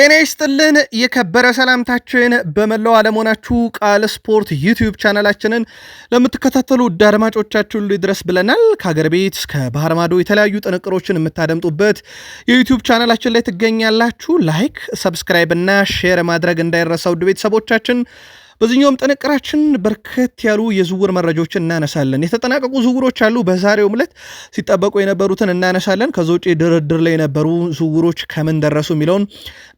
ጤና ይስጥልን የከበረ ሰላምታችን በመላው አለመሆናችሁ ቃል ስፖርት ዩቲዩብ ቻናላችንን ለምትከታተሉ ውድ አድማጮቻችን ድረስ ብለናል። ከሀገር ቤት እስከ ባህር ማዶ የተለያዩ ጥንቅሮችን የምታደምጡበት የዩቲዩብ ቻናላችን ላይ ትገኛላችሁ። ላይክ፣ ሰብስክራይብ እና ሼር ማድረግ እንዳይረሳ ውድ ቤተሰቦቻችን በዚህኛውም ጥንቅራችን በርከት ያሉ የዝውውር መረጃዎችን እናነሳለን። የተጠናቀቁ ዝውውሮች አሉ። በዛሬው ዕለት ሲጠበቁ የነበሩትን እናነሳለን። ከዚ ውጭ ድርድር ላይ የነበሩ ዝውውሮች ከምን ደረሱ የሚለውን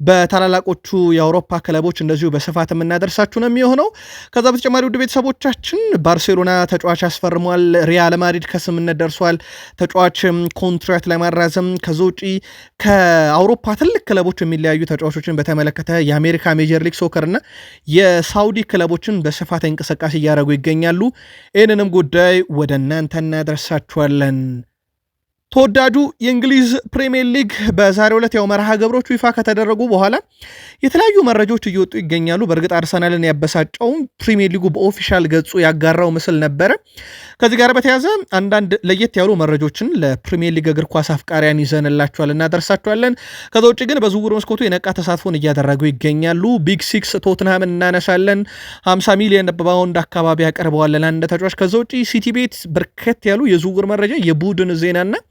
በታላላቆቹ የአውሮፓ ክለቦች እንደዚሁ በስፋት የምናደርሳችሁ ነው የሚሆነው። ከዛ በተጨማሪ ውድ ቤተሰቦቻችን ባርሴሎና ተጫዋች አስፈርሟል። ሪያል ማድሪድ ከስምነት ደርሷል ተጫዋች ኮንትራት ለማራዘም። ከዚ ውጭ ከአውሮፓ ትልቅ ክለቦች የሚለያዩ ተጫዋቾችን በተመለከተ የአሜሪካ ሜጀር ሊግ ሶከር እና የሳውዲ ክለቦችን በስፋት እንቅስቃሴ እያደረጉ ይገኛሉ። ይህንንም ጉዳይ ወደ እናንተ እናደርሳችኋለን። ተወዳጁ የእንግሊዝ ፕሪምየር ሊግ በዛሬው ዕለት ያው መርሃ ግብሮቹ ይፋ ከተደረጉ በኋላ የተለያዩ መረጃዎች እየወጡ ይገኛሉ። በእርግጥ አርሰናልን ያበሳጨውም ፕሪምየር ሊጉ በኦፊሻል ገጹ ያጋራው ምስል ነበረ። ከዚህ ጋር በተያዘ አንዳንድ ለየት ያሉ መረጃዎችን ለፕሪምየር ሊግ እግር ኳስ አፍቃሪያን ይዘንላቸዋል፣ እናደርሳቸዋለን። ከዛ ውጭ ግን በዝውውር መስኮቱ የነቃ ተሳትፎን እያደረጉ ይገኛሉ። ቢግ ሲክስ ቶትንሃም እናነሳለን። 50 ሚሊዮን በባውንድ አካባቢ ያቀርበዋለን አንድ ተጫዋች። ከዛ ውጭ ሲቲ ቤት በርከት ያሉ የዝውውር መረጃ የቡድን ዜናና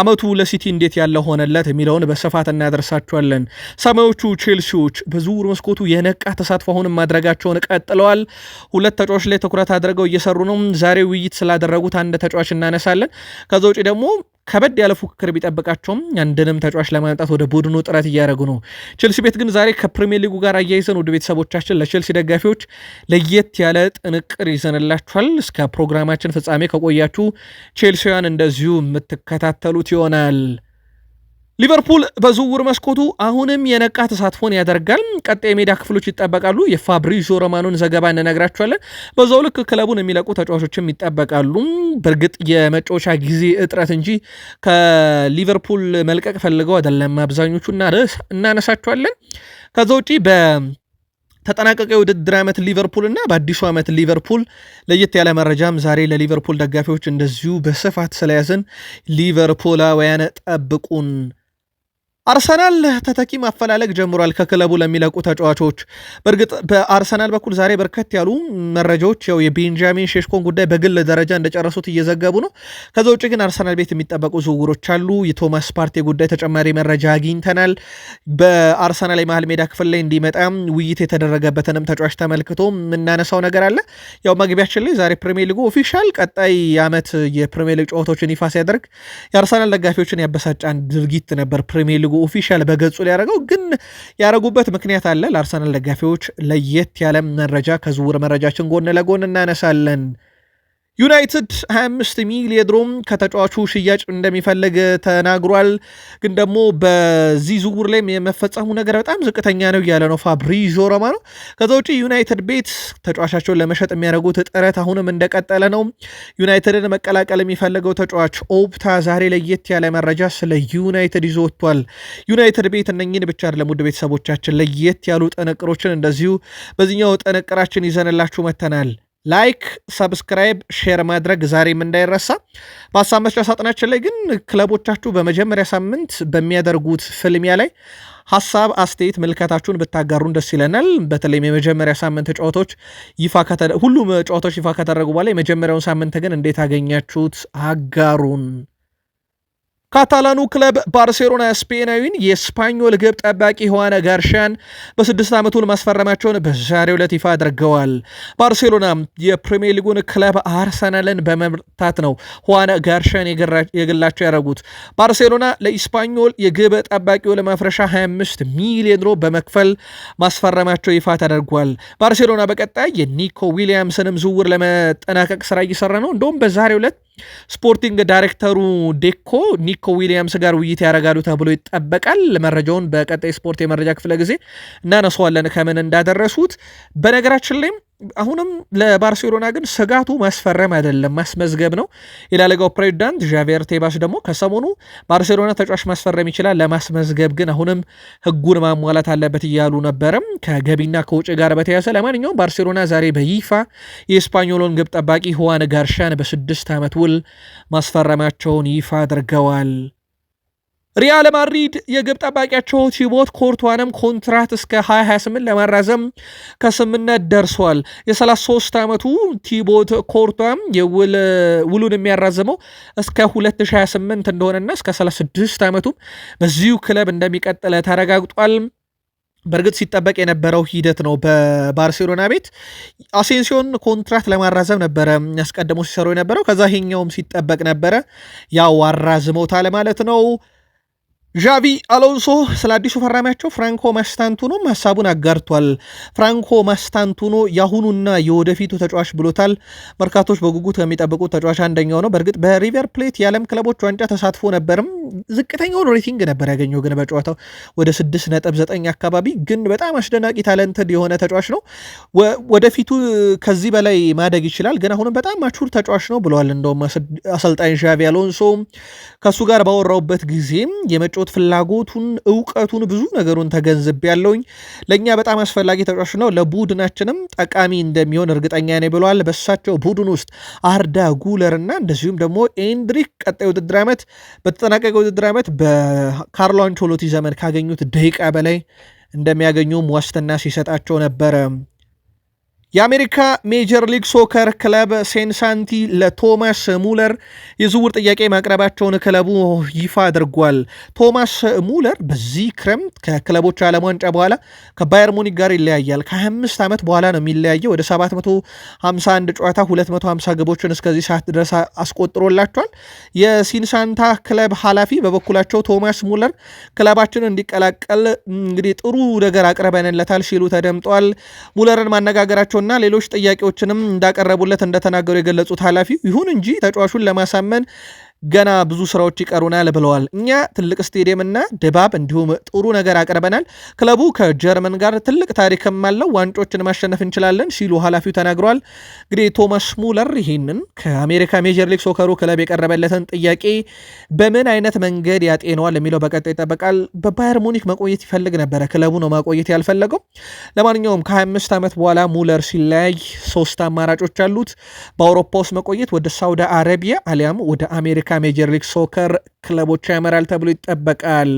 አመቱ ለሲቲ እንዴት ያለ ሆነለት የሚለውን በስፋት እናደርሳቸዋለን። ሰማዮቹ ቼልሲዎች በዝውውር መስኮቱ የነቃ ተሳትፎ አሁንም ማድረጋቸውን ቀጥለዋል። ሁለት ተጫዋች ላይ ትኩረት አድርገው እየሰሩ ነው። ዛሬ ውይይት ስላደረጉት አንድ ተጫዋች እናነሳለን። ከዛ ውጭ ደግሞ ከበድ ያለ ፉክክር ቢጠብቃቸውም አንድንም ተጫዋች ለማምጣት ወደ ቡድኑ ጥረት እያደረጉ ነው። ቼልሲ ቤት ግን ዛሬ ከፕሪሚየር ሊጉ ጋር አያይዘን ወደ ቤተሰቦቻችን ለቼልሲ ደጋፊዎች ለየት ያለ ጥንቅር ይዘንላችኋል። እስከ ፕሮግራማችን ፍጻሜ ከቆያችሁ ቼልሲውያን እንደዚሁ የምትከታተሉት የሚያደርጉት ይሆናል። ሊቨርፑል በዝውውር መስኮቱ አሁንም የነቃ ተሳትፎን ያደርጋል። ቀጣይ የሜዳ ክፍሎች ይጠበቃሉ። የፋብሪዞ ሮማኖን ዘገባ እንነግራቸዋለን። በዛው ልክ ክለቡን የሚለቁ ተጫዋቾችም ይጠበቃሉ። በእርግጥ የመጫወቻ ጊዜ እጥረት እንጂ ከሊቨርፑል መልቀቅ ፈልገው አይደለም አብዛኞቹ እናነሳቸዋለን። ከዛ ውጪ በ ተጠናቀቀ የውድድር ዓመት ሊቨርፑል እና በአዲሱ ዓመት ሊቨርፑል ለየት ያለ መረጃም ዛሬ ለሊቨርፑል ደጋፊዎች እንደዚሁ በስፋት ስለያዝን ሊቨርፑላውያን ጠብቁን አርሰናል ተተኪ ማፈላለግ ጀምሯል ከክለቡ ለሚለቁ ተጫዋቾች። በእርግጥ በአርሰናል በኩል ዛሬ በርከት ያሉ መረጃዎች ያው የቤንጃሚን ሼሽኮን ጉዳይ በግል ደረጃ እንደጨረሱት እየዘገቡ ነው። ከዛ ውጭ ግን አርሰናል ቤት የሚጠበቁ ዝውውሮች አሉ። የቶማስ ፓርቴ ጉዳይ ተጨማሪ መረጃ አግኝተናል። በአርሰናል የመሃል ሜዳ ክፍል ላይ እንዲመጣ ውይይት የተደረገበትንም ተጫዋች ተመልክቶ የምናነሳው ነገር አለ። ያው መግቢያችን ላይ ዛሬ ፕሪሚየር ሊጉ ኦፊሻል ቀጣይ ዓመት የፕሪሚየር ሊግ ጨዋታዎችን ይፋ ሲያደርግ የአርሰናል ደጋፊዎችን ያበሳጫን ድርጊት ነበር ፕሪሚየር ሊጉ ኦፊሻል በገጹ ሊያደርገው ግን ያደረጉበት ምክንያት አለ። ለአርሰናል ደጋፊዎች ለየት ያለ መረጃ ከዝውውር መረጃችን ጎን ለጎን እናነሳለን። ዩናይትድ 25 ሚሊየ ድሮም ከተጫዋቹ ሽያጭ እንደሚፈልግ ተናግሯል። ግን ደግሞ በዚህ ዝውውር ላይም የመፈጸሙ ነገር በጣም ዝቅተኛ ነው እያለ ነው ፋብሪዞ ሮማኖ ነው። ከዛ ውጪ ዩናይትድ ቤት ተጫዋቻቸውን ለመሸጥ የሚያደርጉት ጥረት አሁንም እንደቀጠለ ነው። ዩናይትድን መቀላቀል የሚፈልገው ተጫዋች ኦፕታ ዛሬ ለየት ያለ መረጃ ስለ ዩናይትድ ይዞ ወጥቷል። ዩናይትድ ቤት እነኝን ብቻ አይደለም ውድ ቤተሰቦቻችን ለየት ያሉ ጥንቅሮችን እንደዚሁ በዚህኛው ጥንቅራችን ይዘንላችሁ መተናል። ላይክ፣ ሰብስክራይብ፣ ሼር ማድረግ ዛሬም እንዳይረሳ። በሀሳብ መስጫ ሳጥናችን ላይ ግን ክለቦቻችሁ በመጀመሪያ ሳምንት በሚያደርጉት ፍልሚያ ላይ ሀሳብ፣ አስተያየት፣ ምልከታችሁን ብታጋሩን ደስ ይለናል። በተለይም የመጀመሪያ ሳምንት ጨዋታዎች ይፋ ሁሉም ጨዋታዎች ይፋ ከተደረጉ በኋላ የመጀመሪያውን ሳምንት ግን እንዴት አገኛችሁት? አጋሩን። ካታላኑ ክለብ ባርሴሎና ስፔናዊን የስፓኞል ግብ ጠባቂ ሆዋነ ጋርሻን በስድስት ዓመቱን ማስፈረማቸውን በዛሬው ዕለት ይፋ አድርገዋል። ባርሴሎና የፕሪሚየር ሊጉን ክለብ አርሰናልን በመምታት ነው ሆነ ጋርሻን የግላቸው ያደረጉት። ባርሴሎና ለስፓኞል የግብ ጠባቂው ለማፍረሻ 25 ሚሊዮን ሮ በመክፈል ማስፈረማቸው ይፋ ተደርጓል። ባርሴሎና በቀጣይ የኒኮ ዊሊያምስንም ዝውውር ለመጠናቀቅ ስራ እየሰራ ነው። እንደውም በዛሬው ዕለት ስፖርቲንግ ዳይሬክተሩ ዴኮ ኒኮ ዊሊያምስ ጋር ውይይት ያደርጋሉ ተብሎ ይጠበቃል። መረጃውን በቀጣይ ስፖርት የመረጃ ክፍለ ጊዜ እናነሰዋለን ከምን እንዳደረሱት በነገራችን ላይም አሁንም ለባርሴሎና ግን ስጋቱ ማስፈረም አይደለም ማስመዝገብ ነው የላሊጋው ፕሬዚዳንት ዣቬር ቴባስ ደግሞ ከሰሞኑ ባርሴሎና ተጫዋች ማስፈረም ይችላል፣ ለማስመዝገብ ግን አሁንም ሕጉን ማሟላት አለበት እያሉ ነበረም ከገቢና ከውጭ ጋር በተያያዘ ለማንኛውም ባርሴሎና ዛሬ በይፋ የስፓኞሎን ግብ ጠባቂ ሁዋን ጋርሻን በስድስት ዓመት ውል ማስፈረማቸውን ይፋ አድርገዋል። ሪያል ማድሪድ የግብ ጠባቂያቸው ቲቦት ኮርቷንም ኮንትራት እስከ 2028 ለማራዘም ከስምነት ደርሷል። የ33 ዓመቱ ቲቦት ኮርቷም ውሉን የሚያራዘመው እስከ 2028 እንደሆነና እስከ 36 ዓመቱም በዚሁ ክለብ እንደሚቀጥለ ተረጋግጧል። በእርግጥ ሲጠበቅ የነበረው ሂደት ነው። በባርሴሎና ቤት አሴንሲዮን ኮንትራት ለማራዘም ነበረ አስቀድሞ ሲሰሩ የነበረው። ከዛ ይሄኛውም ሲጠበቅ ነበረ፣ ያው አራዝመውታል ማለት ነው። ዣቪ አሎንሶ ስለ አዲሱ ፈራሚያቸው ፍራንኮ ማስታንቱኖም ሀሳቡን አጋርቷል። ፍራንኮ ማስታንቱኖ የአሁኑና የወደፊቱ ተጫዋች ብሎታል። መርካቶች በጉጉት ከሚጠብቁት ተጫዋች አንደኛው ነው። በእርግጥ በሪቨር ፕሌት የዓለም ክለቦች ዋንጫ ተሳትፎ ነበርም። ዝቅተኛውን ሬቲንግ ነበር ያገኘው፣ ግን በጨዋታው ወደ 6.9 አካባቢ ግን በጣም አስደናቂ ታለንትድ የሆነ ተጫዋች ነው። ወደፊቱ ከዚህ በላይ ማደግ ይችላል፣ ግን አሁንም በጣም ማቹር ተጫዋች ነው ብለዋል። እንደውም አሰልጣኝ ዣቪ አሎንሶ ከእሱ ጋር ባወራውበት ጊዜም የመጫ የመጫወት ፍላጎቱን፣ እውቀቱን፣ ብዙ ነገሩን ተገንዝብ ያለውኝ ለእኛ በጣም አስፈላጊ ተጫዋች ነው፣ ለቡድናችንም ጠቃሚ እንደሚሆን እርግጠኛ ነኝ ብለዋል። በሳቸው ቡድን ውስጥ አርዳ ጉለር እና እንደዚሁም ደግሞ ኤንድሪክ ቀጣይ ውድድር ዓመት በተጠናቀቀ ውድድር ዓመት በካርሎ አንቾሎቲ ዘመን ካገኙት ደቂቃ በላይ እንደሚያገኙም ዋስትና ሲሰጣቸው ነበረ። የአሜሪካ ሜጀር ሊግ ሶከር ክለብ ሴንሳንቲ ለቶማስ ሙለር የዝውውር ጥያቄ ማቅረባቸውን ክለቡ ይፋ አድርጓል። ቶማስ ሙለር በዚህ ክረምት ከክለቦች ዓለም ዋንጫ በኋላ ከባየር ሙኒክ ጋር ይለያያል። ከ25 ዓመት በኋላ ነው የሚለያየው። ወደ 751 ጨዋታ 250 ግቦችን እስከዚህ ሰዓት ድረስ አስቆጥሮላቸዋል። የሲንሳንታ ክለብ ኃላፊ በበኩላቸው ቶማስ ሙለር ክለባችን እንዲቀላቀል እንግዲህ ጥሩ ነገር አቅርበንለታል ሲሉ ተደምጧል። ሙለርን ማነጋገራቸው ያላቸውና ሌሎች ጥያቄዎችንም እንዳቀረቡለት እንደተናገሩ የገለጹት ኃላፊው ይሁን እንጂ ተጫዋቹን ለማሳመን ገና ብዙ ስራዎች ይቀሩናል ብለዋል። እኛ ትልቅ ስቴዲየምና ድባብ እንዲሁም ጥሩ ነገር አቅርበናል። ክለቡ ከጀርመን ጋር ትልቅ ታሪክም አለው። ዋንጮችን ማሸነፍ እንችላለን ሲሉ ኃላፊው ተናግሯል። እንግዲህ ቶማስ ሙለር ይህንን ከአሜሪካ ሜጀር ሊግ ሶከሩ ክለብ የቀረበለትን ጥያቄ በምን አይነት መንገድ ያጤነዋል የሚለው በቀጣይ ይጠበቃል። በባየር ሙኒክ መቆየት ይፈልግ ነበረ፣ ክለቡ ነው ማቆየት ያልፈለገው። ለማንኛውም ከ25 ዓመት በኋላ ሙለር ሲለያይ ሶስት አማራጮች አሉት። በአውሮፓ ውስጥ መቆየት፣ ወደ ሳውዲ አረቢያ አሊያም ወደ አሜሪካ የአሜሪካ ሜጀር ሊግ ሶከር ክለቦች ያመራል ተብሎ ይጠበቃል።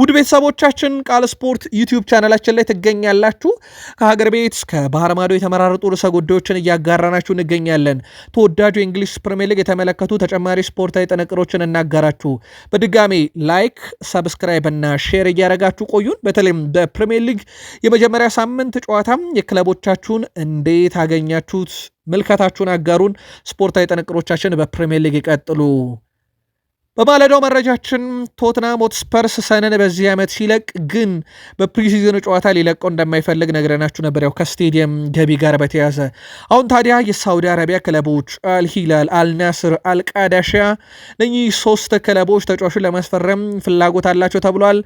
ውድ ቤተሰቦቻችን ቃል ስፖርት ዩቲዩብ ቻናላችን ላይ ትገኛላችሁ። ከሀገር ቤት ከባህር ማዶ የተመራረጡ ርዕሰ ጉዳዮችን እያጋራናችሁ እንገኛለን። ተወዳጁ የእንግሊዝ ፕሪምየር ሊግ የተመለከቱ ተጨማሪ ስፖርታዊ ጥንቅሮችን እናጋራችሁ። በድጋሜ ላይክ፣ ሰብስክራይብ እና ሼር እያደረጋችሁ ቆዩን። በተለይም በፕሪምየር ሊግ የመጀመሪያ ሳምንት ጨዋታም የክለቦቻችሁን እንዴት አገኛችሁት? ምልከታችሁን አጋሩን። ስፖርታዊ ጥንቅሮቻችን በፕሪምየር ሊግ ይቀጥሉ። በማለዳው መረጃችን ቶትናም ሆትስፐርስ ሰነን በዚህ ዓመት ሲለቅ ግን በፕሪሲዝኑ ጨዋታ ሊለቀው እንደማይፈልግ ነግረናችሁ ነበር፣ ያው ከስቴዲየም ገቢ ጋር በተያዘ አሁን ታዲያ የሳውዲ አረቢያ ክለቦች አልሂላል፣ አልናስር፣ አልቃዳሽያ እነኚህ ሶስት ክለቦች ተጫዋቹን ለማስፈረም ፍላጎት አላቸው ተብሏል።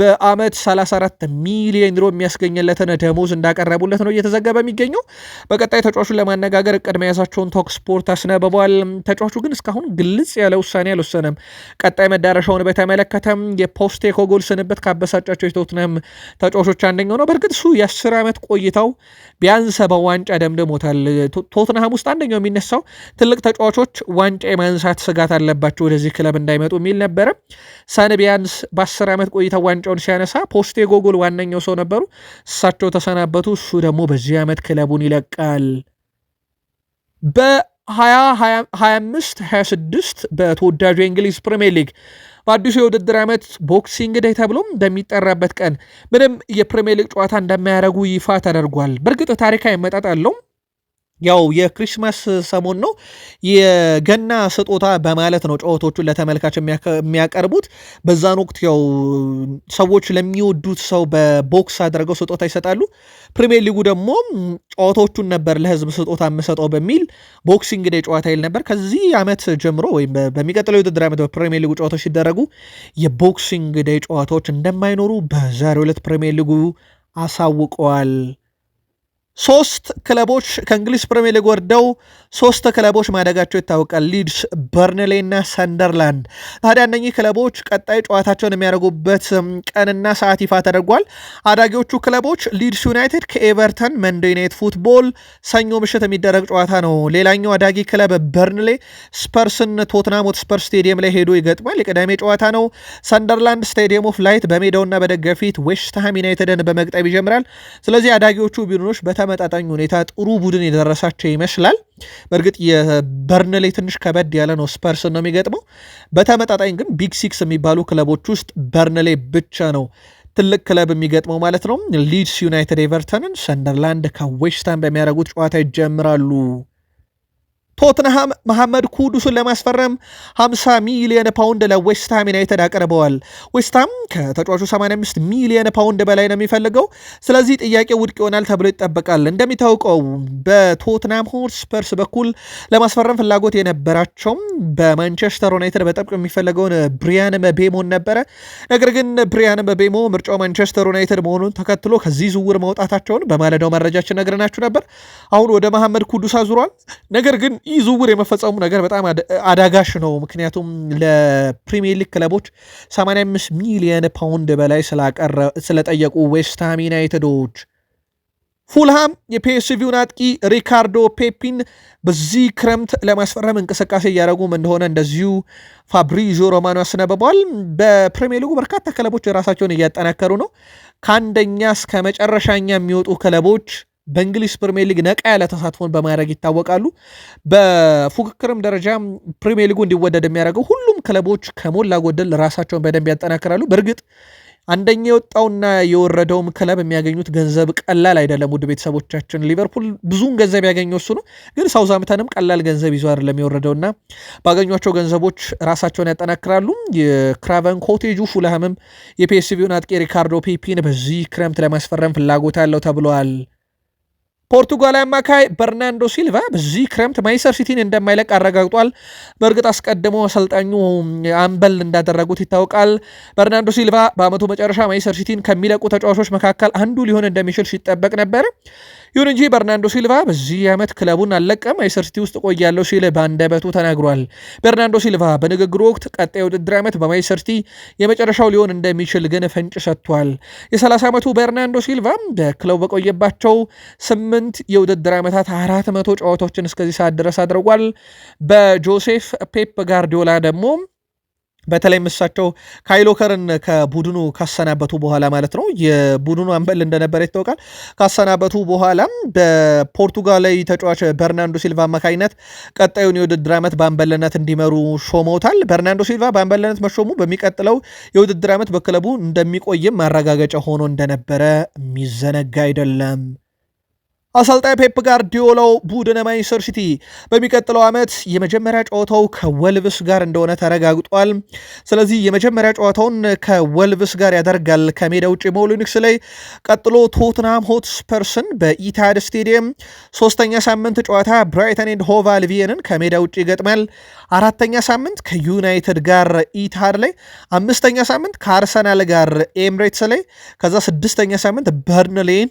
በአመት 34 ሚሊዮን ዩሮ የሚያስገኝለትን ደሞዝ እንዳቀረቡለት ነው እየተዘገበ የሚገኘው። በቀጣይ ተጫዋቹን ለማነጋገር እቅድ መያዛቸውን ቶክስፖርት አስነብቧል። ተጫዋቹ ግን እስካሁን ግልጽ ያለ ውሳኔ አልወሰነም። ቀጣይ መዳረሻውን በተመለከተም የፖስቴኮግሉ ስንብት ካበሳጫቸው የቶትነም ተጫዋቾች አንደኛው ነው። በእርግጥ እሱ የአስር ዓመት ቆይታው ቢያንስ በዋንጫ ደምድሞታል። ቶትናሃም ውስጥ አንደኛው የሚነሳው ትልቅ ተጫዋቾች ዋንጫ የማንሳት ስጋት አለባቸው ወደዚህ ክለብ እንዳይመጡ የሚል ነበረ። ሰን ቢያንስ በአስር ዓመት ቆይታው ዋንጫውን ሲያነሳ ፖስቴኮግሉ ዋነኛው ሰው ነበሩ። እሳቸው ተሰናበቱ። እሱ ደግሞ በዚህ ዓመት ክለቡን ይለቃል። 2025 26 በተወዳጁ የእንግሊዝ ፕሪምየር ሊግ በአዲሱ የውድድር ዓመት ቦክሲንግ ዴይ ተብሎም በሚጠራበት ቀን ምንም የፕሪምየር ሊግ ጨዋታ እንደማያደርጉ ይፋ ተደርጓል። በእርግጥ ታሪካዊ መጠጥ አለው። ያው የክሪስማስ ሰሞን ነው። የገና ስጦታ በማለት ነው ጨዋታዎቹን ለተመልካች የሚያቀርቡት። በዛን ወቅት ያው ሰዎች ለሚወዱት ሰው በቦክስ አድርገው ስጦታ ይሰጣሉ። ፕሪሚየር ሊጉ ደግሞ ጨዋታዎቹን ነበር ለህዝብ ስጦታ የምሰጠው በሚል ቦክሲንግ ደ ጨዋታ ይል ነበር። ከዚህ ዓመት ጀምሮ ወይም በሚቀጥለው የውድድር ዓመት በፕሪሚየር ሊጉ ጨዋታዎች ሲደረጉ የቦክሲንግ ደ ጨዋታዎች እንደማይኖሩ በዛሬው ዕለት ፕሪሚየር ሊጉ አሳውቀዋል። ሶስት ክለቦች ከእንግሊዝ ፕሪሚየር ሊግ ወርደው ሶስት ክለቦች ማደጋቸው ይታወቃል። ሊድስ፣ በርንሌ እና ሰንደርላንድ። ታዲያ እነኚህ ክለቦች ቀጣይ ጨዋታቸውን የሚያደርጉበት ቀንና ሰዓት ይፋ ተደርጓል። አዳጊዎቹ ክለቦች ሊድስ ዩናይትድ ከኤቨርተን መንዴይ ናይት ፉትቦል ሰኞ ምሽት የሚደረግ ጨዋታ ነው። ሌላኛው አዳጊ ክለብ በርንሌ ስፐርስን ቶትናም ሆትስፐር ስቴዲየም ላይ ሄዶ ይገጥማል። የቅዳሜ ጨዋታ ነው። ሰንደርላንድ ስቴዲየም ኦፍ ላይት በሜዳውና በደገፊት ዌስትሃም ዩናይትድን በመግጠም ይጀምራል። ስለዚህ አዳጊዎቹ ቢድኖች በታ በተመጣጣኝ ሁኔታ ጥሩ ቡድን የደረሳቸው ይመስላል። በእርግጥ የበርንሌ ትንሽ ከበድ ያለ ነው፣ ስፐርስ ነው የሚገጥመው። በተመጣጣኝ ግን ቢግ ሲክስ የሚባሉ ክለቦች ውስጥ በርንሌ ብቻ ነው ትልቅ ክለብ የሚገጥመው ማለት ነው። ሊድስ ዩናይትድ ኤቨርተንን፣ ሰንደርላንድ ከዌስትሃም በሚያደርጉት ጨዋታ ይጀምራሉ። ቶትንሃም መሐመድ ኩዱስን ለማስፈረም 50 ሚሊዮን ፓውንድ ለዌስትሃም ዩናይትድ አቅርበዋል። ዌስትሃም ከተጫዋቹ 85 ሚሊዮን ፓውንድ በላይ ነው የሚፈልገው። ስለዚህ ጥያቄ ውድቅ ይሆናል ተብሎ ይጠበቃል። እንደሚታወቀው በቶትንሃም ሆትስፐርስ በኩል ለማስፈረም ፍላጎት የነበራቸው በማንቸስተር ዩናይትድ በጠብቅ የሚፈለገውን ብሪያን መቤሞን ነበረ። ነገር ግን ብሪያን መቤሞ ምርጫው ማንቸስተር ዩናይትድ መሆኑን ተከትሎ ከዚህ ዝውውር መውጣታቸውን በማለዳው መረጃችን ነግረናችሁ ነበር። አሁን ወደ መሐመድ ኩዱስ አዙሯል። ነገር ግን ይህ ዝውውር የመፈጸሙ ነገር በጣም አዳጋሽ ነው። ምክንያቱም ለፕሪሚየር ሊግ ክለቦች 85 ሚሊየን ፓውንድ በላይ ስለጠየቁ ዌስትሃም ዩናይትዶች። ፉልሃም የፒኤስቪውን አጥቂ ሪካርዶ ፔፒን በዚህ ክረምት ለማስፈረም እንቅስቃሴ እያደረጉም እንደሆነ እንደዚሁ ፋብሪዞ ሮማኖ አስነብቧል። በፕሪሚየር ሊጉ በርካታ ክለቦች ራሳቸውን እያጠናከሩ ነው። ከአንደኛ እስከ መጨረሻኛ የሚወጡ ክለቦች በእንግሊዝ ፕሪሚየር ሊግ ነቃ ያለ ተሳትፎን በማድረግ ይታወቃሉ። በፉክክርም ደረጃ ፕሪሚየር ሊጉ እንዲወደድ የሚያደርገው ሁሉም ክለቦች ከሞላ ጎደል ራሳቸውን በደንብ ያጠናክራሉ። በእርግጥ አንደኛ የወጣውና የወረደውም ክለብ የሚያገኙት ገንዘብ ቀላል አይደለም። ውድ ቤተሰቦቻችን ሊቨርፑል ብዙን ገንዘብ ያገኘው እሱ ነው። ግን ሳውዛምተንም ቀላል ገንዘብ ይዞ አይደለም የወረደውና ባገኟቸው ገንዘቦች ራሳቸውን ያጠናክራሉ። የክራቨን ኮቴጁ ፉልሃምም የፒኤስቪውን አጥቂ ሪካርዶ ፔፒን በዚህ ክረምት ለማስፈረም ፍላጎት አለው ተብሏል። ፖርቱጋል አማካይ በርናንዶ ሲልቫ በዚህ ክረምት ማይሰር ሲቲን እንደማይለቅ አረጋግጧል። በእርግጥ አስቀድሞ አሰልጣኙ አምበል እንዳደረጉት ይታወቃል። በርናንዶ ሲልቫ በአመቱ መጨረሻ ማንቸስተር ሲቲን ከሚለቁ ተጫዋቾች መካከል አንዱ ሊሆን እንደሚችል ሲጠበቅ ነበር። ይሁን እንጂ በርናንዶ ሲልቫ በዚህ ዓመት ክለቡን አልለቀም አይሰር ሲቲ ውስጥ ቆያለሁ ሲል በአንደበቱ ተናግሯል። በርናንዶ ሲልቫ በንግግሩ ወቅት ቀጣይ ውድድር ዓመት በማይሰር ሲቲ የመጨረሻው ሊሆን እንደሚችል ግን ፍንጭ ሰጥቷል። የ30 ዓመቱ በርናንዶ ሲልቫም በክለቡ በቆየባቸው ስምንት የውድድር ዓመታት 400 መቶ ጨዋታዎችን እስከዚህ ሰዓት ድረስ አድርጓል። በጆሴፍ ፔፕ ጋርዲዮላ ደግሞ በተለይም እሳቸው ካይሎከርን ከቡድኑ ካሰናበቱ በኋላ ማለት ነው የቡድኑ አምበል እንደነበረ ይታወቃል። ካሰናበቱ በኋላም በፖርቱጋላዊ ተጫዋች በርናንዶ ሲልቫ አማካኝነት ቀጣዩን የውድድር ዓመት በአምበልነት እንዲመሩ ሾመውታል። በርናንዶ ሲልቫ በአምበልነት መሾሙ በሚቀጥለው የውድድር ዓመት በክለቡ እንደሚቆይም ማረጋገጫ ሆኖ እንደነበረ የሚዘነጋ አይደለም። አሰልጣኝ ፔፕ ጋርዲዮላው ቡድን ማንቸስተር ሲቲ በሚቀጥለው ዓመት የመጀመሪያ ጨዋታው ከወልቭስ ጋር እንደሆነ ተረጋግጧል። ስለዚህ የመጀመሪያ ጨዋታውን ከወልቭስ ጋር ያደርጋል ከሜዳ ውጭ ሞሉኒክስ ላይ። ቀጥሎ ቶትናም ሆትስፐርስን በኢታድ ስቴዲየም፣ ሶስተኛ ሳምንት ጨዋታ ብራይተን ኤንድ ሆቭ አልቪየንን ከሜዳ ውጭ ይገጥማል። አራተኛ ሳምንት ከዩናይትድ ጋር ኢታድ ላይ፣ አምስተኛ ሳምንት ከአርሰናል ጋር ኤምሬትስ ላይ፣ ከዛ ስድስተኛ ሳምንት በርንሌን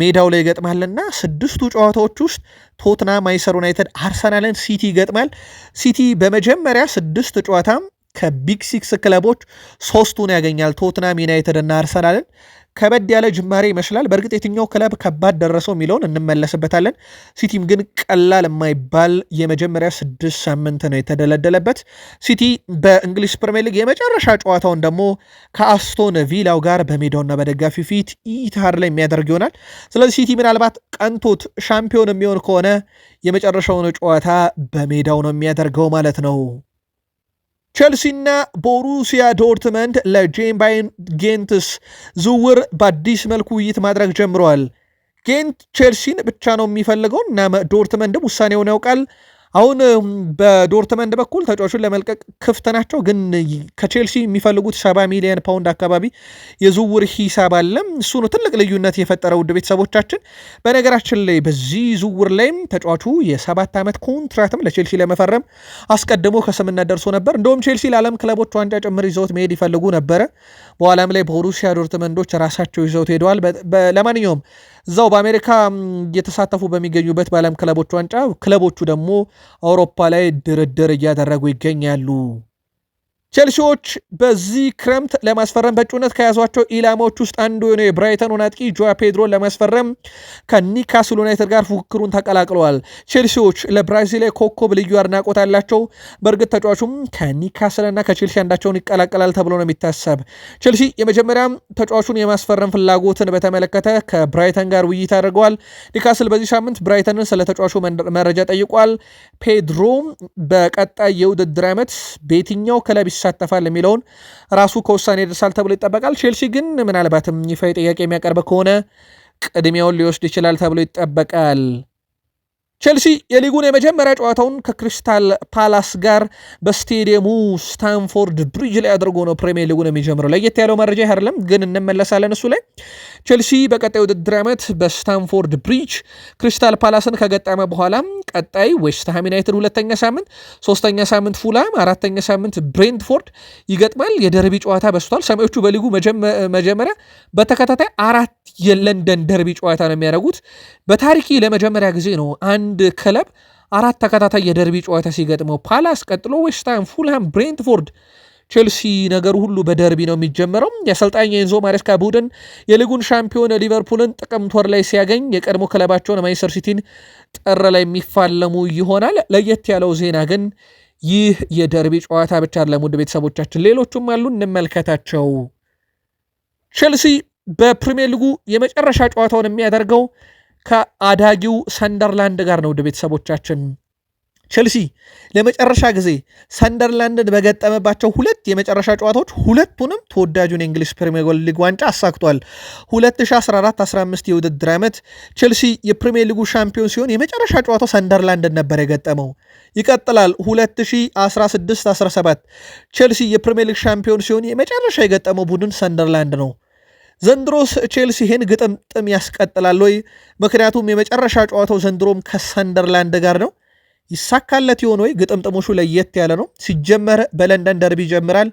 ሜዳው ላይ ይገጥማልና ስድስቱ ጨዋታዎች ውስጥ ቶትናም፣ ማይሰር ዩናይትድ፣ አርሰናልን፣ ሲቲ ይገጥማል። ሲቲ በመጀመሪያ ስድስት ጨዋታም ከቢግ ሲክስ ክለቦች ሶስቱን ያገኛል፣ ቶትናም፣ ዩናይትድ እና አርሰናልን። ከበድ ያለ ጅማሬ ይመስላል። በእርግጥ የትኛው ክለብ ከባድ ደረሰው የሚለውን እንመለስበታለን። ሲቲም ግን ቀላል የማይባል የመጀመሪያ ስድስት ሳምንት ነው የተደለደለበት። ሲቲ በእንግሊዝ ፕሪምየር ሊግ የመጨረሻ ጨዋታውን ደግሞ ከአስቶን ቪላው ጋር በሜዳውና በደጋፊ ፊት ኢቲሃድ ላይ የሚያደርግ ይሆናል። ስለዚህ ሲቲ ምናልባት ቀንቶት ሻምፒዮን የሚሆን ከሆነ የመጨረሻውን ጨዋታ በሜዳው ነው የሚያደርገው ማለት ነው። ቸልሲና ቦሩሲያ ዶርትመንድ ለጄምባይን ጌንትስ ዝውውር በአዲስ መልኩ ውይይት ማድረግ ጀምረዋል። ጌንት ቼልሲን ብቻ ነው የሚፈልገው፣ እና ዶርትመንድም ውሳኔውን ያውቃል። አሁን በዶርትመንድ በኩል ተጫዋቹን ለመልቀቅ ክፍት ናቸው፣ ግን ከቼልሲ የሚፈልጉት ሰባ ሚሊዮን ፓውንድ አካባቢ የዝውውር ሂሳብ አለም። እሱ ነው ትልቅ ልዩነት የፈጠረ ውድ ቤተሰቦቻችን፣ በነገራችን ላይ በዚህ ዝውውር ላይም ተጫዋቹ የሰባት ዓመት ኮንትራትም ለቼልሲ ለመፈረም አስቀድሞ ከስምነት ደርሶ ነበር። እንደውም ቼልሲ ለዓለም ክለቦች ዋንጫ ጭምር ይዘውት መሄድ ይፈልጉ ነበረ። በኋላም ላይ በሩሲያ ዶርትመንዶች ራሳቸው ይዘውት ሄደዋል። ለማንኛውም እዛው በአሜሪካ እየተሳተፉ በሚገኙበት በዓለም ክለቦች ዋንጫ ክለቦቹ ደግሞ አውሮፓ ላይ ድርድር እያደረጉ ይገኛሉ። ቼልሲዎች በዚህ ክረምት ለማስፈረም በእጩነት ከያዟቸው ኢላማዎች ውስጥ አንዱ የሆነው የብራይተኑን አጥቂ ጆዋ ፔድሮን ለማስፈረም ከኒካስል ዩናይትድ ጋር ፉክክሩን ተቀላቅለዋል። ቼልሲዎች ለብራዚላዊ ኮከብ ልዩ አድናቆት አላቸው። በእርግጥ ተጫዋቹም ከኒካስልና ከቼልሲ አንዳቸውን ይቀላቀላል ተብሎ ነው የሚታሰብ። ቼልሲ የመጀመሪያም ተጫዋቹን የማስፈረም ፍላጎትን በተመለከተ ከብራይተን ጋር ውይይት አድርገዋል። ኒካስል በዚህ ሳምንት ብራይተንን ስለ ተጫዋቹ መረጃ ጠይቋል። ፔድሮ በቀጣይ የውድድር ዓመት በየትኛው ክለብ ይሳተፋል የሚለውን ራሱ ከውሳኔ ይደርሳል ተብሎ ይጠበቃል። ቼልሲ ግን ምናልባትም ይፋዊ ጥያቄ የሚያቀርብ ከሆነ ቅድሚያውን ሊወስድ ይችላል ተብሎ ይጠበቃል። ቼልሲ የሊጉን የመጀመሪያ ጨዋታውን ከክሪስታል ፓላስ ጋር በስቴዲየሙ ስታንፎርድ ብሪጅ ላይ አድርጎ ነው ፕሪሚየር ሊጉን የሚጀምረው። ለየት ያለው መረጃ አይደለም ግን እንመለሳለን እሱ ላይ ቼልሲ በቀጣይ ውድድር ዓመት በስታንፎርድ ብሪጅ ክሪስታል ፓላስን ከገጠመ በኋላ ቀጣይ ዌስትሃም ዩናይትድ ሁለተኛ ሳምንት፣ ሶስተኛ ሳምንት ፉላም፣ አራተኛ ሳምንት ብሬንትፎርድ ይገጥማል። የደርቢ ጨዋታ በስቷል። ሰማዮቹ በሊጉ መጀመሪያ በተከታታይ አራት የለንደን ደርቢ ጨዋታ ነው የሚያደርጉት። በታሪኪ ለመጀመሪያ ጊዜ ነው አንድ ክለብ አራት ተከታታይ የደርቢ ጨዋታ ሲገጥመው ፓላስ፣ ቀጥሎ ዌስትሃም፣ ፉልሃም፣ ብሬንትፎርድ ቼልሲ ነገሩ ሁሉ በደርቢ ነው የሚጀመረው። የአሰልጣኝ የኤንዞ ማሬስካ ቡድን የሊጉን ሻምፒዮን ሊቨርፑልን ጥቅምት ወር ላይ ሲያገኝ የቀድሞ ክለባቸውን ማንቸስተር ሲቲን ጥር ላይ የሚፋለሙ ይሆናል። ለየት ያለው ዜና ግን ይህ የደርቢ ጨዋታ ብቻ ለሙድ ውድ ቤተሰቦቻችን ሌሎቹም አሉ፣ እንመልከታቸው። ቼልሲ በፕሪሚየር ሊጉ የመጨረሻ ጨዋታውን የሚያደርገው ከአዳጊው ሰንደርላንድ ጋር ነው። ውድ ቤተሰቦቻችን ቼልሲ ለመጨረሻ ጊዜ ሰንደርላንድን በገጠመባቸው ሁለት የመጨረሻ ጨዋታዎች ሁለቱንም ተወዳጁን የእንግሊዝ ፕሪሚየር ሊግ ዋንጫ አሳክቷል። 2014/15 የውድድር ዓመት ቼልሲ የፕሪሚየር ሊጉ ሻምፒዮን ሲሆን የመጨረሻ ጨዋታው ሰንደርላንድን ነበር የገጠመው። ይቀጥላል። 2016/17 ቼልሲ የፕሪሚየር ሊግ ሻምፒዮን ሲሆን የመጨረሻ የገጠመው ቡድን ሰንደርላንድ ነው። ዘንድሮስ ቼልሲ ይህን ግጥምጥም ያስቀጥላል ወይ? ምክንያቱም የመጨረሻ ጨዋታው ዘንድሮም ከሰንደርላንድ ጋር ነው። ይሳካለት ይሆን ወይ? ግጥምጥሞሹ ለየት ያለ ነው። ሲጀመር በለንደን ደርቢ ይጀምራል፣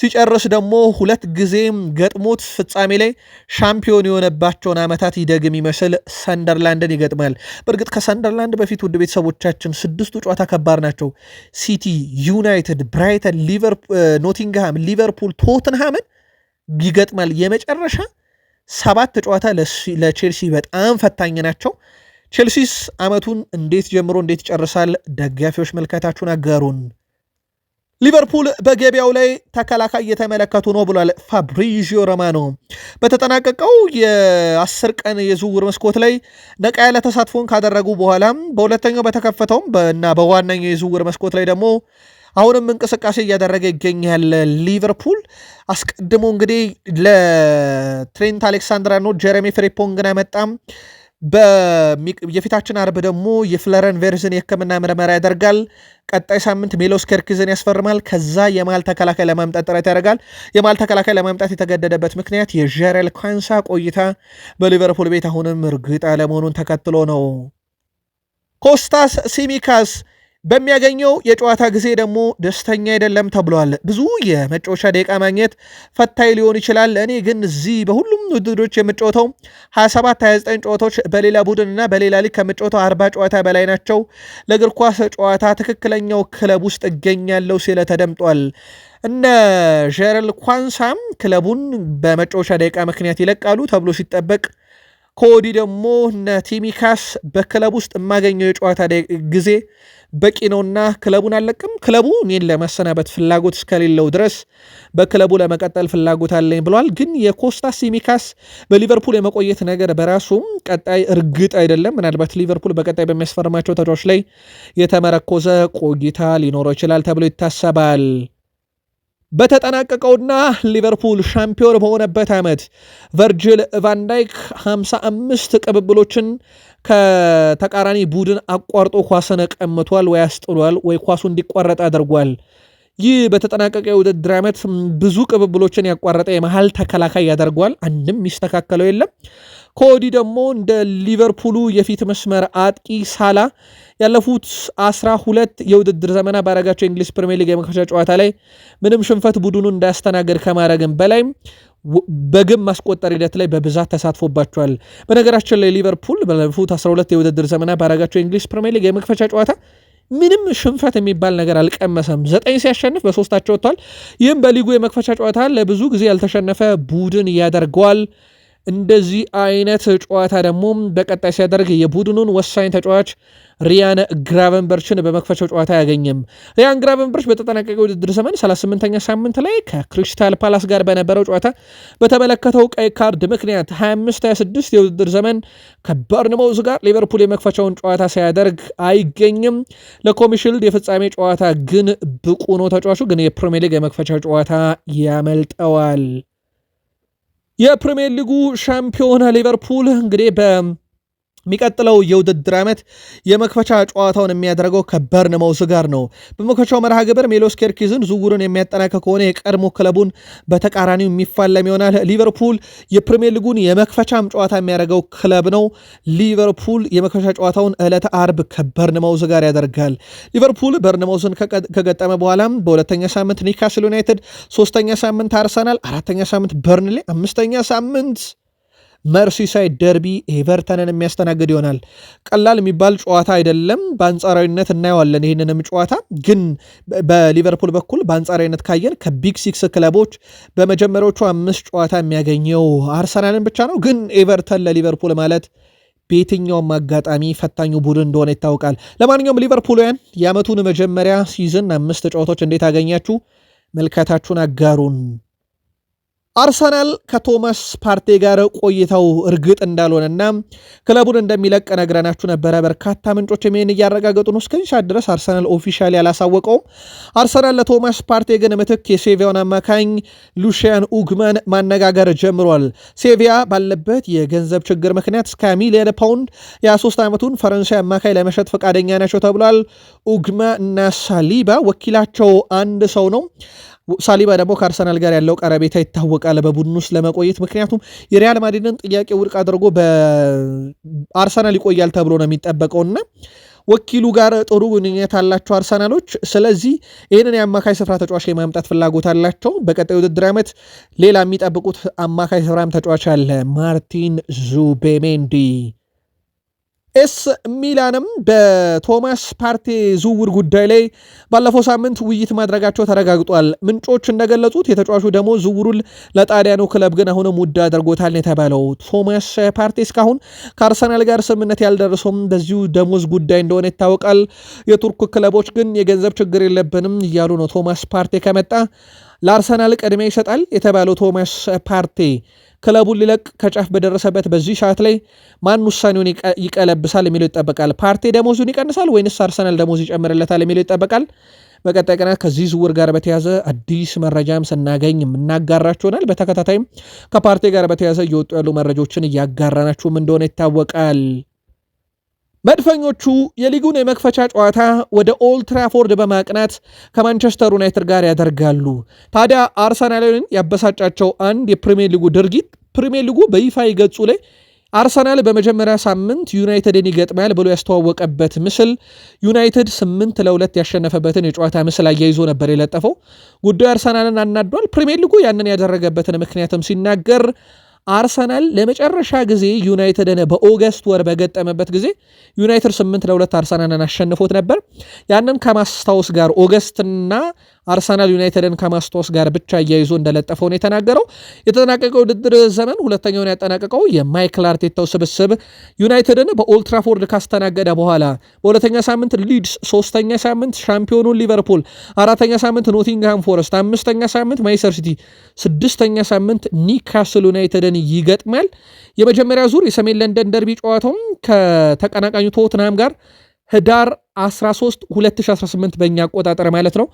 ሲጨርስ ደግሞ ሁለት ጊዜም ገጥሞት ፍጻሜ ላይ ሻምፒዮን የሆነባቸውን ዓመታት ይደግም ይመስል ሰንደርላንድን ይገጥማል። በእርግጥ ከሰንደርላንድ በፊት ውድ ቤተሰቦቻችን ስድስቱ ጨዋታ ከባድ ናቸው። ሲቲ፣ ዩናይትድ፣ ብራይተን፣ ኖቲንግሃም፣ ሊቨርፑል፣ ቶትንሃምን ይገጥማል። የመጨረሻ ሰባት ጨዋታ ለቼልሲ በጣም ፈታኝ ናቸው። ቼልሲስ ዓመቱን እንዴት ጀምሮ እንዴት ይጨርሳል? ደጋፊዎች መልከታችሁን አገሩን ሊቨርፑል በገበያው ላይ ተከላካይ እየተመለከቱ ነው ብሏል ፋብሪዚዮ ሮማኖ። በተጠናቀቀው የአስር ቀን የዝውውር መስኮት ላይ ነቃ ያለ ተሳትፎን ካደረጉ በኋላም በሁለተኛው በተከፈተውም እና በዋነኛው የዝውውር መስኮት ላይ ደግሞ አሁንም እንቅስቃሴ እያደረገ ይገኛል ሊቨርፑል። አስቀድሞ እንግዲህ ለትሬንት አሌክሳንድራኖ ጀረሚ ፍሬፖንግን አመጣም የፊታችን አርብ ደግሞ የፍለረን ቬርስን የህክምና ምርመራ ያደርጋል። ቀጣይ ሳምንት ሜሎስ ኬርኪዝን ያስፈርማል። ከዛ የማል ተከላካይ ለማምጣት ጥረት ያደርጋል። የመሃል ተከላካይ ለማምጣት የተገደደበት ምክንያት የዣሬል ኳንሳ ቆይታ በሊቨርፑል ቤት አሁንም እርግጥ አለመሆኑን ተከትሎ ነው። ኮስታስ ሲሚካስ በሚያገኘው የጨዋታ ጊዜ ደግሞ ደስተኛ አይደለም ተብሏል። ብዙ የመጫወቻ ደቂቃ ማግኘት ፈታኝ ሊሆን ይችላል። እኔ ግን እዚህ በሁሉም ውድድሮች የምጫወተው 27 29 ጨዋታዎች በሌላ ቡድን በሌላ ሊግ ከምጫወተው 40 ጨዋታ በላይ ናቸው። ለእግር ኳስ ጨዋታ ትክክለኛው ክለብ ውስጥ እገኛለሁ ሲለ ተደምጧል። እነ ጀረል ኳንሳም ክለቡን በመጫወቻ ደቂቃ ምክንያት ይለቃሉ ተብሎ ሲጠበቅ ከወዲህ ደግሞ እነ ቲሚካስ በክለብ ውስጥ የማገኘው የጨዋታ ጊዜ በቂ ነውና ክለቡን አለቅም። ክለቡ እኔን ለመሰናበት ፍላጎት እስከሌለው ድረስ በክለቡ ለመቀጠል ፍላጎት አለኝ ብለዋል። ግን የኮስታስ ሲሚካስ በሊቨርፑል የመቆየት ነገር በራሱም ቀጣይ እርግጥ አይደለም። ምናልባት ሊቨርፑል በቀጣይ በሚያስፈርማቸው ተጫዋቾች ላይ የተመረኮዘ ቆይታ ሊኖረው ይችላል ተብሎ ይታሰባል። በተጠናቀቀውና ሊቨርፑል ሻምፒዮን በሆነበት ዓመት ቨርጅል ቫንዳይክ 55 ቅብብሎችን ከተቃራኒ ቡድን አቋርጦ ኳስን ቀምቷል ወይ አስጥሏል ወይ ኳሱ እንዲቋረጥ አድርጓል። ይህ በተጠናቀቀ የውድድር ዓመት ብዙ ቅብብሎችን ያቋረጠ የመሀል ተከላካይ ያደርገዋል። አንድም የሚስተካከለው የለም። ከወዲህ ደግሞ እንደ ሊቨርፑሉ የፊት መስመር አጥቂ ሳላ ያለፉት አስራ ሁለት የውድድር ዘመና ባረጋቸው የእንግሊዝ ፕሪሚየር ሊግ የመክፈቻ ጨዋታ ላይ ምንም ሽንፈት ቡድኑ እንዳያስተናገድ ከማድረግም በላይም በግብ ማስቆጠር ሂደት ላይ በብዛት ተሳትፎባቸዋል። በነገራችን ላይ ሊቨርፑል ባለፉት 12 የውድድር ዘመና ባረጋቸው የእንግሊዝ ፕሪሚየር ሊግ የመክፈቻ ጨዋታ ምንም ሽንፈት የሚባል ነገር አልቀመሰም። ዘጠኝ ሲያሸንፍ በሶስታቸው ወጥቷል። ይህም በሊጉ የመክፈቻ ጨዋታ ለብዙ ጊዜ ያልተሸነፈ ቡድን ያደርገዋል። እንደዚህ አይነት ጨዋታ ደግሞ በቀጣይ ሲያደርግ የቡድኑን ወሳኝ ተጫዋች ሪያን ግራቨንበርችን በመክፈቻው ጨዋታ አያገኝም። ሪያን ግራቨንበርች በተጠናቀቀ ውድድር ዘመን 38ኛ ሳምንት ላይ ከክሪስታል ፓላስ ጋር በነበረው ጨዋታ በተመለከተው ቀይ ካርድ ምክንያት 2526 የውድድር ዘመን ከበርንማውዝ ጋር ሊቨርፑል የመክፈቻውን ጨዋታ ሲያደርግ አይገኝም። ለኮሚሽልድ የፍጻሜ ጨዋታ ግን ብቁ ነው። ተጫዋቹ ግን የፕሪሚየር ሊግ የመክፈቻው ጨዋታ ያመልጠዋል። የፕሪሚየር ሊጉ ሻምፒዮን ሊቨርፑል እንግዲህ በ የሚቀጥለው የውድድር ዓመት የመክፈቻ ጨዋታውን የሚያደርገው ከበርንመውስ ጋር ነው። በመክፈቻው መርሃ ግብር ሜሎስ ኬርኪዝን ዝውውሩን የሚያጠናከ ከሆነ የቀድሞ ክለቡን በተቃራኒው የሚፋለም ይሆናል። ሊቨርፑል የፕሪሚየር ሊጉን የመክፈቻም ጨዋታ የሚያደርገው ክለብ ነው። ሊቨርፑል የመክፈቻ ጨዋታውን ዕለተ አርብ ከበርንመውስ ጋር ያደርጋል። ሊቨርፑል በርንመውስን ከገጠመ በኋላም በሁለተኛ ሳምንት ኒካስል ዩናይትድ፣ ሶስተኛ ሳምንት አርሰናል፣ አራተኛ ሳምንት በርንሌ፣ አምስተኛ ሳምንት መርሲሳይድ ደርቢ ኤቨርተንን የሚያስተናግድ ይሆናል። ቀላል የሚባል ጨዋታ አይደለም። በአንጻራዊነት እናየዋለን። ይህንንም ጨዋታ ግን በሊቨርፑል በኩል በአንጻራዊነት ካየን ከቢግ ሲክስ ክለቦች በመጀመሪያዎቹ አምስት ጨዋታ የሚያገኘው አርሰናልን ብቻ ነው። ግን ኤቨርተን ለሊቨርፑል ማለት በየትኛውም አጋጣሚ ፈታኙ ቡድን እንደሆነ ይታወቃል። ለማንኛውም ሊቨርፑልውያን የዓመቱን መጀመሪያ ሲዝን አምስት ጨዋታዎች እንዴት አገኛችሁ? ምልከታችሁን አጋሩን። አርሰናል ከቶማስ ፓርቴ ጋር ቆይታው እርግጥ እንዳልሆነና ክለቡን እንደሚለቅ ነግረናችሁ ነበረ። በርካታ ምንጮች ይህን እያረጋገጡ ነው። እስከንሻ ድረስ አርሰናል ኦፊሻል ያላሳወቀውም። አርሰናል ለቶማስ ፓርቴ ግን ምትክ የሴቪያውን አማካኝ ሉሽያን ኡግመን ማነጋገር ጀምሯል። ሴቪያ ባለበት የገንዘብ ችግር ምክንያት እስከ ሚሊየን ፓውንድ የ ዓመቱን ፈረንሳይ አማካኝ ለመሸጥ ፈቃደኛ ናቸው ተብሏል። ኡግመ እና ሳሊባ ወኪላቸው አንድ ሰው ነው። ሳሊባ ደግሞ ከአርሰናል ጋር ያለው ቀረቤታ ይታወቃል በቡድን ውስጥ ለመቆየት ምክንያቱም የሪያል ማድሪድን ጥያቄ ውድቅ አድርጎ በአርሰናል ይቆያል ተብሎ ነው የሚጠበቀውና ወኪሉ ጋር ጥሩ ግንኙነት አላቸው አርሰናሎች። ስለዚህ ይህንን የአማካይ ስፍራ ተጫዋች የማምጣት ፍላጎት አላቸው። በቀጣይ ውድድር ዓመት ሌላ የሚጠብቁት አማካይ ስፍራም ተጫዋች አለ ማርቲን ዙቤሜንዲ። ኤስ ሚላንም በቶማስ ፓርቴ ዝውውር ጉዳይ ላይ ባለፈው ሳምንት ውይይት ማድረጋቸው ተረጋግጧል። ምንጮች እንደገለጹት የተጫዋቹ ደግሞ ዝውውሩን ለጣሊያኑ ክለብ ግን አሁንም ውድ አድርጎታል የተባለው ቶማስ ፓርቴ እስካሁን ከአርሰናል ጋር ስምምነት ያልደረሰውም በዚሁ ደሞዝ ጉዳይ እንደሆነ ይታወቃል። የቱርክ ክለቦች ግን የገንዘብ ችግር የለብንም እያሉ ነው። ቶማስ ፓርቴ ከመጣ ለአርሰናል ቅድሚያ ይሰጣል የተባለው ቶማስ ፓርቴ ክለቡን ሊለቅ ከጫፍ በደረሰበት በዚህ ሰዓት ላይ ማን ውሳኔውን ይቀለብሳል የሚለው ይጠበቃል። ፓርቴ ደሞዙን ይቀንሳል ወይንስ አርሰናል ደሞዝ ይጨምርለታል የሚለው ይጠበቃል። በቀጣይ ቀናት ከዚህ ዝውውር ጋር በተያዘ አዲስ መረጃም ስናገኝ የምናጋራችሁ ይሆናል። በተከታታይም ከፓርቴ ጋር በተያዘ እየወጡ ያሉ መረጃዎችን እያጋራናችሁም እንደሆነ ይታወቃል። መድፈኞቹ የሊጉን የመክፈቻ ጨዋታ ወደ ኦልትራፎርድ በማቅናት ከማንቸስተር ዩናይትድ ጋር ያደርጋሉ። ታዲያ አርሰናልን ያበሳጫቸው አንድ የፕሪሚየር ሊጉ ድርጊት ፕሪሚየር ሊጉ በይፋ ይገጹ ላይ አርሰናል በመጀመሪያ ሳምንት ዩናይትድን ይገጥማል ብሎ ያስተዋወቀበት ምስል ዩናይትድ ስምንት ለሁለት ያሸነፈበትን የጨዋታ ምስል አያይዞ ነበር የለጠፈው። ጉዳዩ አርሰናልን አናዷል። ፕሪሚየር ሊጉ ያንን ያደረገበትን ምክንያትም ሲናገር አርሰናል ለመጨረሻ ጊዜ ዩናይትድን በኦገስት ወር በገጠመበት ጊዜ ዩናይትድ ስምንት ለሁለት አርሰናልን አሸንፎት ነበር። ያንን ከማስታወስ ጋር ኦገስትና አርሰናል ዩናይትድን ከማስታወስ ጋር ብቻ እያይዞ እንደለጠፈው ነው የተናገረው። የተጠናቀቀው ውድድር ዘመን ሁለተኛውን ያጠናቀቀው የማይክል አርቴታው ስብስብ ዩናይትድን በኦልትራፎርድ ካስተናገደ በኋላ በሁለተኛ ሳምንት ሊድስ፣ ሶስተኛ ሳምንት ሻምፒዮኑን ሊቨርፑል፣ አራተኛ ሳምንት ኖቲንግሃም ፎረስት፣ አምስተኛ ሳምንት ማይሰር ሲቲ፣ ስድስተኛ ሳምንት ኒካስል ዩናይትድን ይገጥማል። የመጀመሪያ ዙር የሰሜን ለንደን ደርቢ ጨዋታውም ከተቀናቃኙ ቶትናም ጋር ህዳር 13 2018 በእኛ አቆጣጠር ማለት ነው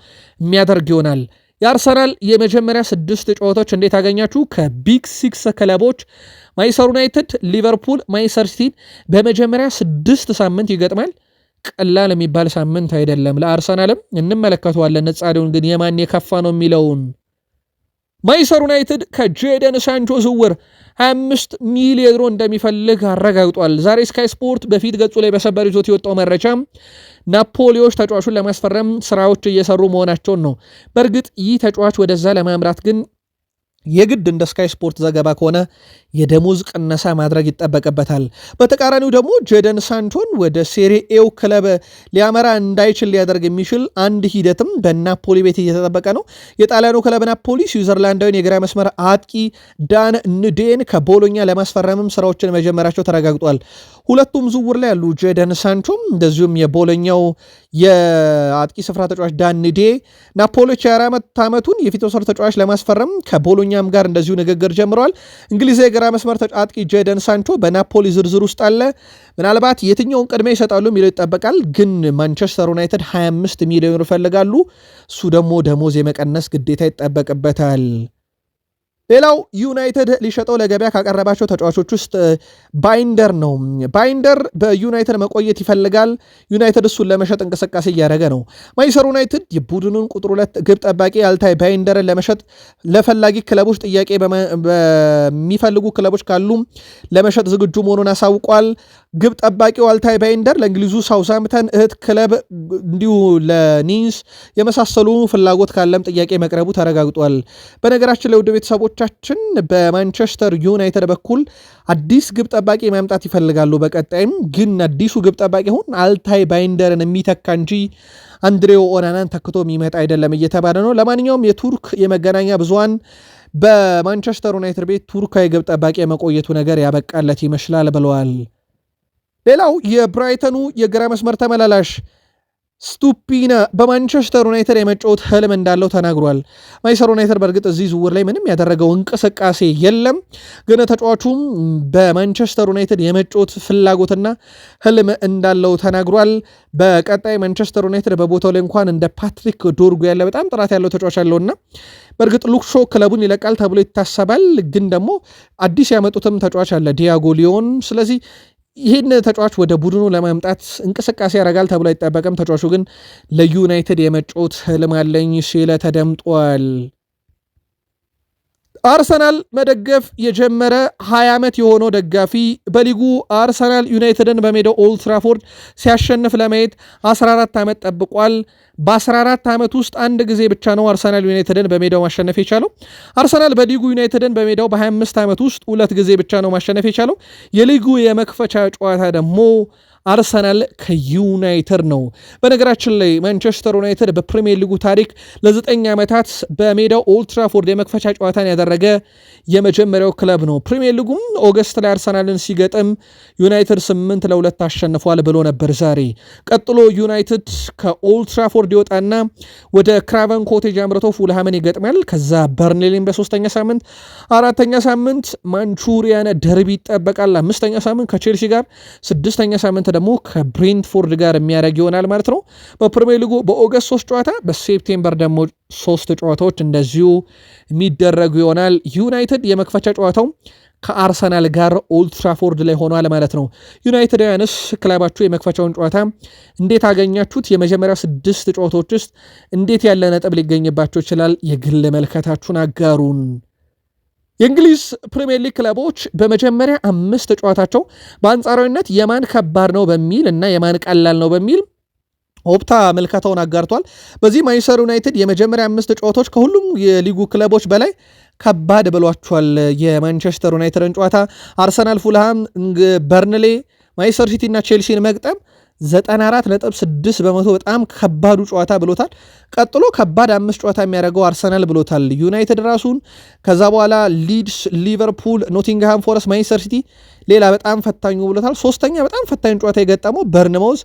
የሚያደርግ ይሆናል። የአርሰናል የመጀመሪያ ስድስት ጨዋታዎች እንዴት አገኛችሁ? ከቢግ ሲክስ ክለቦች ማይሰር ዩናይትድ፣ ሊቨርፑል፣ ማይሰር ሲቲን በመጀመሪያ ስድስት ሳምንት ይገጥማል። ቀላል የሚባል ሳምንት አይደለም ለአርሰናልም። እንመለከተዋለን ነጻዴውን ግን የማን የከፋ ነው የሚለውን ማይሰር ዩናይትድ ከጄደን ሳንቾ ዝውውር 25 ሚሊዮን ዩሮ እንደሚፈልግ አረጋግጧል። ዛሬ ስካይ ስፖርት በፊት ገጹ ላይ በሰበር ይዞት የወጣው መረጃ ናፖሊዎች ተጫዋቹን ለማስፈረም ስራዎች እየሰሩ መሆናቸውን ነው። በእርግጥ ይህ ተጫዋች ወደዛ ለማምራት ግን የግድ እንደ ስካይ ስፖርት ዘገባ ከሆነ የደሞዝ ቅነሳ ማድረግ ይጠበቅበታል። በተቃራኒው ደግሞ ጀደን ሳንቶን ወደ ሴሪኤው ክለብ ሊያመራ እንዳይችል ሊያደርግ የሚችል አንድ ሂደትም በናፖሊ ቤት እየተጠበቀ ነው። የጣሊያኑ ክለብ ናፖሊ ስዊዘርላንዳዊን የግራ መስመር አጥቂ ዳን ንዴን ከቦሎኛ ለማስፈረምም ስራዎችን መጀመራቸው ተረጋግጧል። ሁለቱም ዝውውር ላይ ያሉ ጀደን ሳንቾም እንደዚሁም የቦሎኛው የአጥቂ ስፍራ ተጫዋች ዳን ንዴ የ24 ዓመቱን የፊት ወሰር ተጫዋች ለማስፈረም ከቦሎኛም ጋር እንደዚሁ ንግግር ጀምረዋል። እንግሊዝ የግራ የግራ መስመር ተጫጥቂ ጄደን ሳንቾ በናፖሊ ዝርዝር ውስጥ አለ። ምናልባት የትኛውን ቅድሚያ ይሰጣሉ የሚለው ይጠበቃል። ግን ማንቸስተር ዩናይትድ 25 ሚሊዮን ይፈልጋሉ። እሱ ደግሞ ደሞዝ የመቀነስ ግዴታ ይጠበቅበታል። ሌላው ዩናይትድ ሊሸጠው ለገበያ ካቀረባቸው ተጫዋቾች ውስጥ ባይንደር ነው። ባይንደር በዩናይትድ መቆየት ይፈልጋል። ዩናይትድ እሱን ለመሸጥ እንቅስቃሴ እያደረገ ነው። ማንችስተር ዩናይትድ የቡድኑን ቁጥር ሁለት ግብ ጠባቂ አልታይ ባይንደርን ለመሸጥ ለፈላጊ ክለቦች ጥያቄ በሚፈልጉ ክለቦች ካሉ ለመሸጥ ዝግጁ መሆኑን አሳውቋል። ግብ ጠባቂው አልታይ ባይንደር ለእንግሊዙ ሳውሳምተን እህት ክለብ እንዲሁ ለኒንስ የመሳሰሉ ፍላጎት ካለም ጥያቄ መቅረቡ ተረጋግጧል። በነገራችን ለውድ ቤተሰቦች ተጫዋቾቻችን በማንቸስተር ዩናይትድ በኩል አዲስ ግብ ጠባቂ ማምጣት ይፈልጋሉ። በቀጣይም ግን አዲሱ ግብ ጠባቂ አሁን አልታይ ባይንደርን የሚተካ እንጂ አንድሬው ኦናናን ተክቶ የሚመጣ አይደለም እየተባለ ነው። ለማንኛውም የቱርክ የመገናኛ ብዙሃን በማንቸስተር ዩናይትድ ቤት ቱርካዊ ግብ ጠባቂ የመቆየቱ ነገር ያበቃለት ይመስላል ብለዋል። ሌላው የብራይተኑ የግራ መስመር ተመላላሽ ስቱፒና በማንቸስተር ዩናይትድ የመጫወት ህልም እንዳለው ተናግሯል። ማንቸስተር ዩናይትድ በእርግጥ እዚህ ዝውውር ላይ ምንም ያደረገው እንቅስቃሴ የለም፣ ግን ተጫዋቹም በማንቸስተር ዩናይትድ የመጫወት ፍላጎትና ህልም እንዳለው ተናግሯል። በቀጣይ ማንቸስተር ዩናይትድ በቦታው ላይ እንኳን እንደ ፓትሪክ ዶርጉ ያለ በጣም ጥራት ያለው ተጫዋች አለውና በእርግጥ ሉክሾ ክለቡን ይለቃል ተብሎ ይታሰባል። ግን ደግሞ አዲስ ያመጡትም ተጫዋች አለ ዲያጎ ሊዮን። ስለዚህ ይህን ተጫዋች ወደ ቡድኑ ለማምጣት እንቅስቃሴ ያደርጋል ተብሎ አይጠበቅም። ተጫዋቹ ግን ለዩናይትድ የመጫወት ህልም አለኝ ሲል ተደምጧል። አርሰናል መደገፍ የጀመረ 20 ዓመት የሆነው ደጋፊ በሊጉ አርሰናል ዩናይትድን በሜዳው ኦልድ ትራፎርድ ሲያሸንፍ ለማየት 14 ዓመት ጠብቋል። በ14 ዓመት ውስጥ አንድ ጊዜ ብቻ ነው አርሰናል ዩናይትድን በሜዳው ማሸነፍ የቻለው። አርሰናል በሊጉ ዩናይትድን በሜዳው በ25 ዓመት ውስጥ ሁለት ጊዜ ብቻ ነው ማሸነፍ የቻለው። የሊጉ የመክፈቻ ጨዋታ ደግሞ አርሰናል ከዩናይትድ ነው። በነገራችን ላይ ማንቸስተር ዩናይትድ በፕሪሚየር ሊጉ ታሪክ ለዘጠኝ ዓመታት በሜዳው ኦልትራፎርድ የመክፈቻ ጨዋታን ያደረገ የመጀመሪያው ክለብ ነው። ፕሪሚየር ሊጉም ኦገስት ላይ አርሰናልን ሲገጥም ዩናይትድ ስምንት ለሁለት አሸንፏል ብሎ ነበር ዛሬ። ቀጥሎ ዩናይትድ ከኦልትራፎርድ ይወጣና ወደ ክራቨን ኮቴጅ አምርቶ ፉልሃምን ይገጥማል። ከዛ በርንሊን በሶስተኛ ሳምንት፣ አራተኛ ሳምንት ማንቹሪያን ደርቢ ይጠበቃል። አምስተኛ ሳምንት ከቼልሲ ጋር፣ ስድስተኛ ሳምንት ደግሞ ከብሬንትፎርድ ጋር የሚያደርግ ይሆናል ማለት ነው። በፕሪሚየር ሊጉ በኦገስት ሶስት ጨዋታ በሴፕቴምበር ደግሞ ሶስት ጨዋታዎች እንደዚሁ የሚደረጉ ይሆናል። ዩናይትድ የመክፈቻ ጨዋታው ከአርሰናል ጋር ኦልትራፎርድ ላይ ሆኗል ማለት ነው። ዩናይትዳውያንስ ክለባችሁ የመክፈቻውን ጨዋታ እንዴት አገኛችሁት? የመጀመሪያ ስድስት ጨዋታዎች ውስጥ እንዴት ያለ ነጥብ ሊገኝባቸው ይችላል? የግል መልከታችሁን አጋሩን። የእንግሊዝ ፕሪምየር ሊግ ክለቦች በመጀመሪያ አምስት ተጫዋታቸው በአንጻራዊነት የማን ከባድ ነው በሚል እና የማን ቀላል ነው በሚል ኦፕታ መልከታውን አጋርቷል። በዚህ ማንቸስተር ዩናይትድ የመጀመሪያ አምስት ጨዋታዎች ከሁሉም የሊጉ ክለቦች በላይ ከባድ ብሏቸዋል። የማንቸስተር ዩናይትድን ጨዋታ አርሰናል፣ ፉልሃም፣ በርንሌ፣ ማንቸስተር ሲቲ እና ቼልሲን መግጠም 94.6 በመቶ በጣም ከባዱ ጨዋታ ብሎታል። ቀጥሎ ከባድ አምስት ጨዋታ የሚያደርገው አርሰናል ብሎታል። ዩናይትድ ራሱን፣ ከዛ በኋላ ሊድስ፣ ሊቨርፑል፣ ኖቲንግሃም ፎረስት፣ ማንቸስተር ሲቲ ሌላ በጣም ፈታኙ ብሎታል። ሶስተኛ በጣም ፈታኝ ጨዋታ የገጠመው በርንመውዝ፣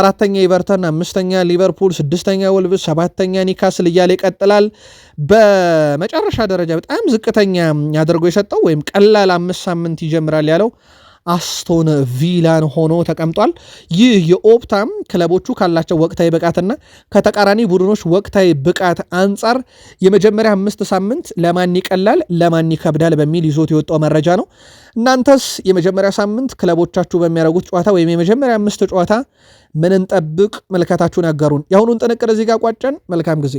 አራተኛ ኤቨርተን፣ አምስተኛ ሊቨርፑል፣ ስድስተኛ ወልቭስ፣ ሰባተኛ ኒካስል እያለ ይቀጥላል። በመጨረሻ ደረጃ በጣም ዝቅተኛ አድርጎ የሰጠው ወይም ቀላል አምስት ሳምንት ይጀምራል ያለው አስቶን ቪላን ሆኖ ተቀምጧል። ይህ የኦፕታም ክለቦቹ ካላቸው ወቅታዊ ብቃትና ከተቃራኒ ቡድኖች ወቅታዊ ብቃት አንጻር የመጀመሪያ አምስት ሳምንት ለማን ይቀላል ለማን ይከብዳል በሚል ይዞት የወጣው መረጃ ነው። እናንተስ የመጀመሪያ ሳምንት ክለቦቻችሁ በሚያደርጉት ጨዋታ ወይም የመጀመሪያ አምስት ጨዋታ ምን እንጠብቅ? ምልከታችሁን ያጋሩን። የአሁኑን ጥንቅር እዚህ ጋር ቋጨን። መልካም ጊዜ